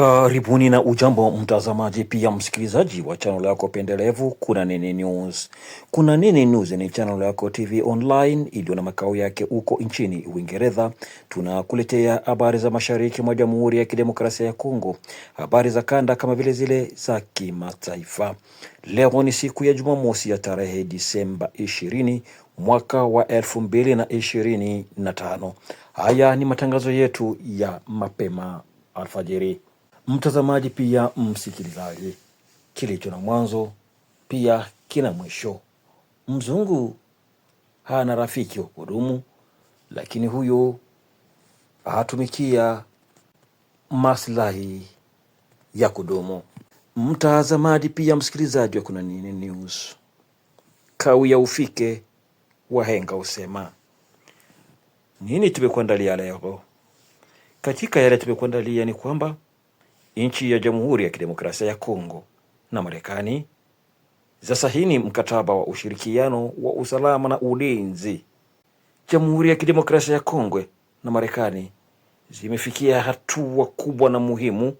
Karibuni na ujambo mtazamaji, pia msikilizaji wa channel yako pendelevu Kuna Nini News. Kuna Nini News ni channel yako TV online iliyo na makao yake huko nchini Uingereza. Tunakuletea habari za mashariki mwa Jamhuri ya Kidemokrasia ya Kongo, habari za kanda kama vile zile za kimataifa. Leo ni siku ya Jumamosi ya tarehe Disemba 20 mwaka wa elfu Haya ni matangazo yetu ya mapema alfajiri mtazamaji, pia msikilizaji, kilicho na mwanzo pia kina mwisho. Mzungu hana rafiki wa kudumu, lakini huyo hatumikia maslahi ya kudumu. Mtazamaji pia msikilizaji wa Kuna Nini News, ya ufike, wahenga usema nini? Tumekuandalia leo. Katika yale tumekuandalia ni kwamba nchi ya Jamhuri ya Kidemokrasia ya Kongo na Marekani zasahini mkataba wa ushirikiano wa usalama na ulinzi. Jamhuri ya Kidemokrasia ya Kongo na Marekani zimefikia hatua kubwa na muhimu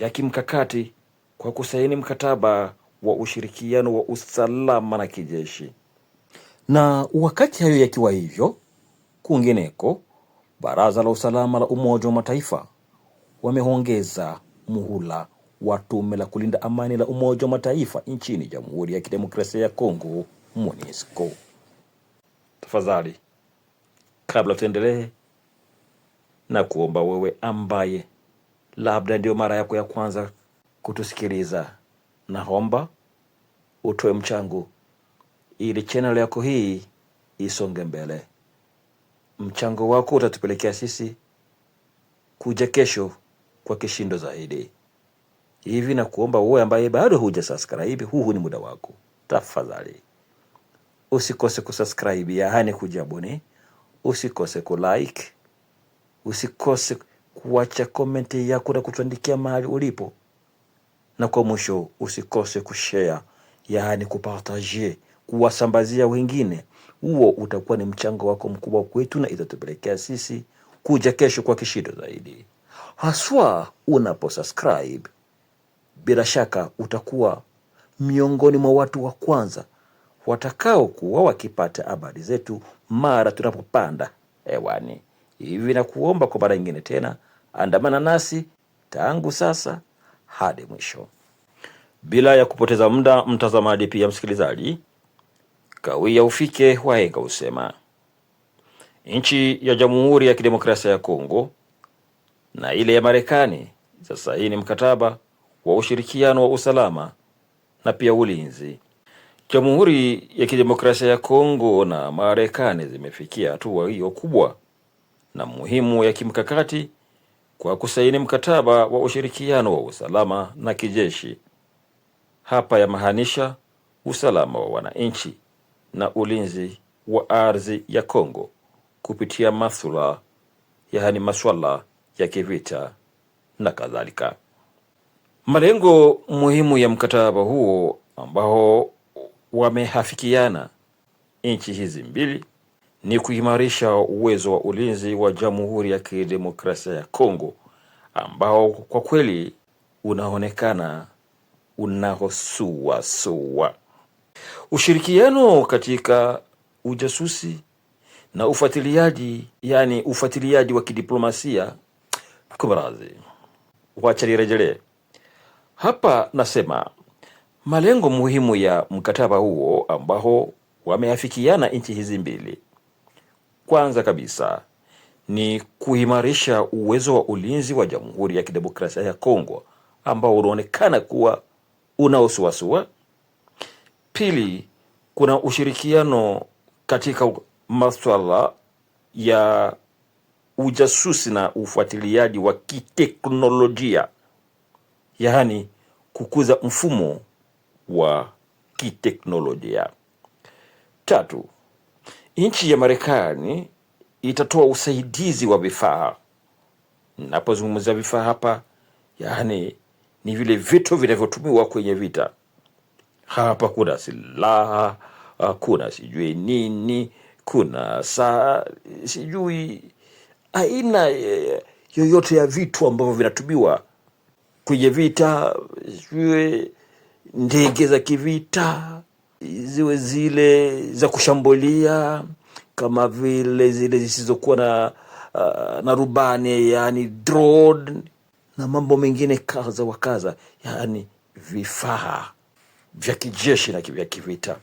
ya kimkakati kwa kusaini mkataba wa ushirikiano wa usalama na kijeshi. Na wakati hayo yakiwa hivyo, kwingineko, Baraza la Usalama la Umoja wa Mataifa wameongeza muhula wa tume la kulinda amani la Umoja wa Mataifa nchini Jamhuri ya Kidemokrasia ya Kongo, MONUSCO. Tafadhali, kabla tuendelee, na kuomba wewe ambaye labda ndiyo mara yako ya kwanza kutusikiliza, naomba utoe mchango ili channel yako hii isonge mbele. Mchango wako utatupelekea sisi kuja kesho kwa kishindo zaidi. Hivi na kuomba wewe ambaye bado huja subscribe, huu ni muda wako, tafadhali usikose kusubscribe, yaani kujabuni, usikose kulike, usikose kuacha komenti yako na kutuandikia mahali ulipo, na kwa mwisho usikose kushare, yaani kupartage, kuwasambazia wengine. Huo utakuwa ni mchango wako mkubwa kwetu na itatupelekea sisi kuja kesho kwa kishindo zaidi haswa unaposubscribe, bila shaka utakuwa miongoni mwa watu wa kwanza watakaokuwa wakipata habari zetu mara tunapopanda hewani. Hivi na kuomba kwa mara nyingine tena, andamana nasi tangu sasa hadi mwisho. Bila ya kupoteza muda, mtazamaji pia msikilizaji, kawia ufike. Wahenga usema nchi ya Jamhuri ya Kidemokrasia ya Kongo na ile ya Marekani. Sasa hii ni mkataba wa ushirikiano wa usalama na pia ulinzi. Jamhuri ya Kidemokrasia ya Kongo na Marekani zimefikia hatua hiyo kubwa na muhimu ya kimkakati kwa kusaini mkataba wa ushirikiano wa usalama na kijeshi. Hapa yamaanisha usalama wa wananchi na ulinzi wa ardhi ya Kongo kupitia masuala yaani maswala ya kivita na kadhalika. Malengo muhimu ya mkataba huo ambao wamehafikiana nchi hizi mbili ni kuimarisha uwezo wa ulinzi wa Jamhuri ya Kidemokrasia ya Kongo ambao kwa kweli unaonekana unaosuasua. Ushirikiano katika ujasusi na ufuatiliaji, yani ufuatiliaji wa kidiplomasia Kubra. Wacha nirejelee hapa, nasema malengo muhimu ya mkataba huo ambao wameafikiana nchi hizi mbili, kwanza kabisa ni kuimarisha uwezo wa ulinzi wa Jamhuri ya Kidemokrasia ya Kongo ambao unaonekana kuwa unaosuasua. Pili, kuna ushirikiano katika maswala ya ujasusi na ufuatiliaji wa kiteknolojia, yaani kukuza mfumo wa kiteknolojia. Tatu, nchi ya Marekani itatoa usaidizi wa vifaa. Napozungumzia vifaa hapa, yaani ni vile vitu vinavyotumiwa kwenye vita. Hapa kuna silaha, kuna sijui nini, kuna saa sijui aina eh, yoyote ya vitu ambavyo vinatumiwa kwenye vita, sijue ndege za kivita, ziwe zile za kushambulia kama vile zile zisizokuwa na, uh, na rubani yani drone, na mambo mengine kadha wa kadha, yani vifaa vya kijeshi na vya kivita.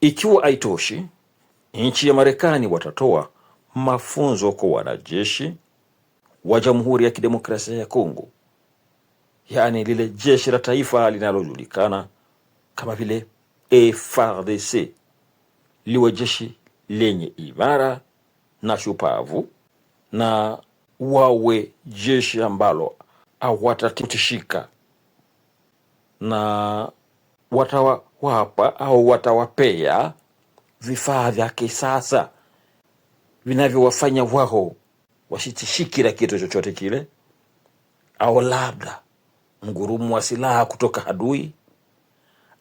Ikiwa haitoshi, nchi ya Marekani watatoa mafunzo kwa wanajeshi wa Jamhuri ya Kidemokrasia ya Kongo, yaani lile jeshi la taifa linalojulikana kama vile FARDC, liwe jeshi lenye imara na shupavu na wawe jeshi ambalo hawatatishika na watawapa au watawapea vifaa vya kisasa vinavyowafanya wao wasitishiki na kitu chochote kile, au labda mgurumu wa silaha kutoka adui,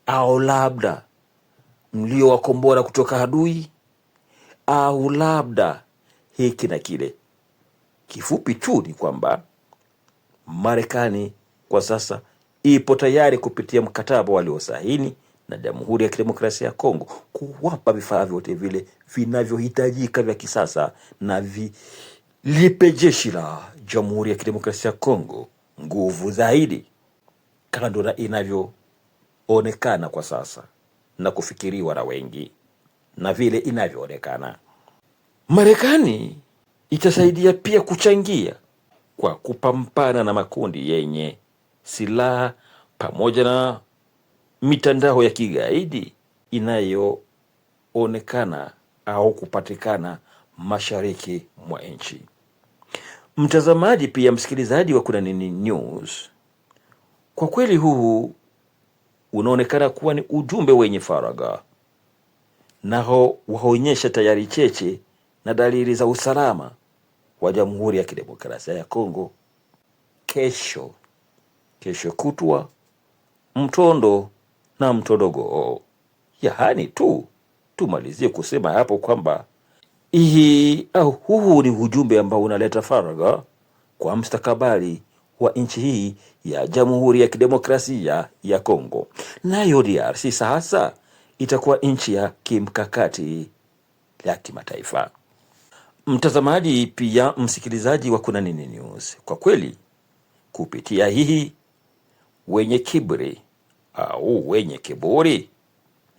au labda mlio wa kombora kutoka adui, au labda hiki na kile. Kifupi tu ni kwamba Marekani kwa sasa ipo tayari kupitia mkataba waliosahini na Jamhuri ya Kidemokrasia ya Kongo kuwapa vifaa vyote vile vinavyohitajika vya kisasa na vilipe jeshi la Jamhuri ya Kidemokrasia ya Kongo nguvu zaidi kando na inavyoonekana kwa sasa na kufikiriwa na wengi na vile inavyoonekana. Marekani itasaidia pia kuchangia kwa kupambana na makundi yenye silaha pamoja na mitandao ya kigaidi inayoonekana au kupatikana mashariki mwa nchi. Mtazamaji pia msikilizaji wa Kuna Nini News, kwa kweli huu unaonekana kuwa ni ujumbe wenye faragha, nao waonyesha tayari cheche na dalili za usalama wa Jamhuri ya Kidemokrasia ya Kongo kesho, kesho kutwa mtondo na Mtodogo. Yaani tu tumalizie kusema hapo kwamba hii au huu ni ujumbe ambao unaleta faragha kwa mstakabali wa nchi hii ya Jamhuri ya Kidemokrasia ya Kongo, nayo DRC sasa itakuwa nchi ya kimkakati ya kimataifa. Mtazamaji pia msikilizaji wa Kuna Nini News, kwa kweli kupitia hii wenye kiburi au uh, uh, wenye kiburi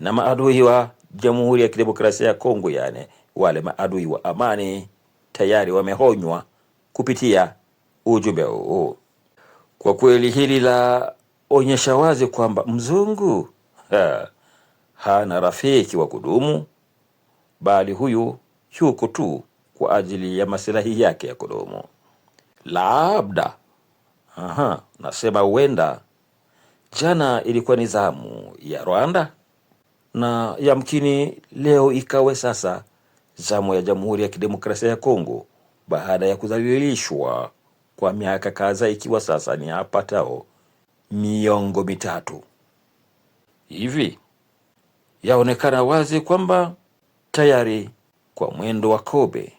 na maadui wa Jamhuri ya Kidemokrasia ya Kongo, yani wale maadui wa amani tayari wamehonywa kupitia ujumbe huu. Kwa kweli hili la onyesha wazi kwamba mzungu ha, hana rafiki wa kudumu, bali huyu yuko tu kwa ajili ya masilahi yake ya kudumu. Labda aha, nasema huenda Jana ilikuwa ni zamu ya Rwanda na yamkini leo ikawe sasa zamu ya Jamhuri ya Kidemokrasia ya Kongo baada ya kudhalilishwa kwa miaka kadhaa, ikiwa sasa ni apatao miongo mitatu hivi. Yaonekana wazi kwamba tayari kwa mwendo wa kobe,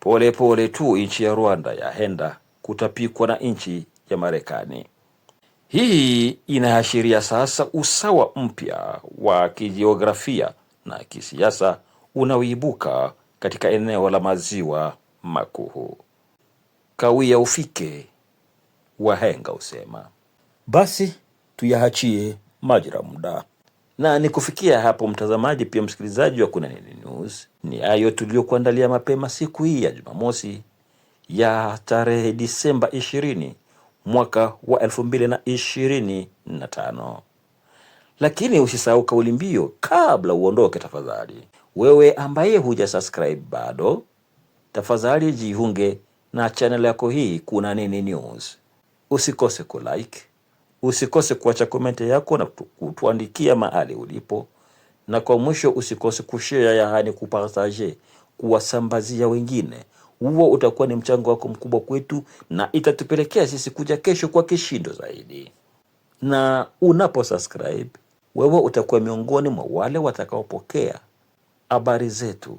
polepole pole tu nchi ya Rwanda yahenda kutapikwa na nchi ya Marekani. Hii inaashiria sasa usawa mpya wa kijiografia na kisiasa unaoibuka katika eneo la maziwa makuu. Kawia ufike, wahenga husema. Basi tuyaachie majira muda, na ni kufikia hapo mtazamaji, pia msikilizaji wa Kuna Nini News, ni hayo tuliyokuandalia mapema siku hii ya Jumamosi ya tarehe Disemba ishirini mwaka wa 2025. Lakini usisahau kauli mbio kabla uondoke tafadhali. Wewe ambaye huja subscribe bado, tafadhali jiunge na channel yako hii Kuna Nini News. Usikose ku like, usikose kuacha komenti yako na kutuandikia mahali ulipo, na kwa mwisho usikose kushare, yaani kupartage kuwasambazia wengine huo utakuwa ni mchango wako mkubwa kwetu, na itatupelekea sisi kuja kesho kwa kishindo zaidi. Na unapo subscribe wewe utakuwa miongoni mwa wale watakaopokea habari zetu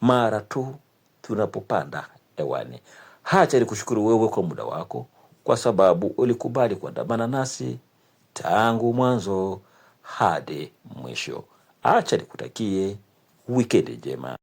mara tu tunapopanda hewani. Hacha ni kushukuru wewe kwa muda wako, kwa sababu ulikubali kuandamana nasi tangu mwanzo hadi mwisho. hacha nikutakie wikendi njema.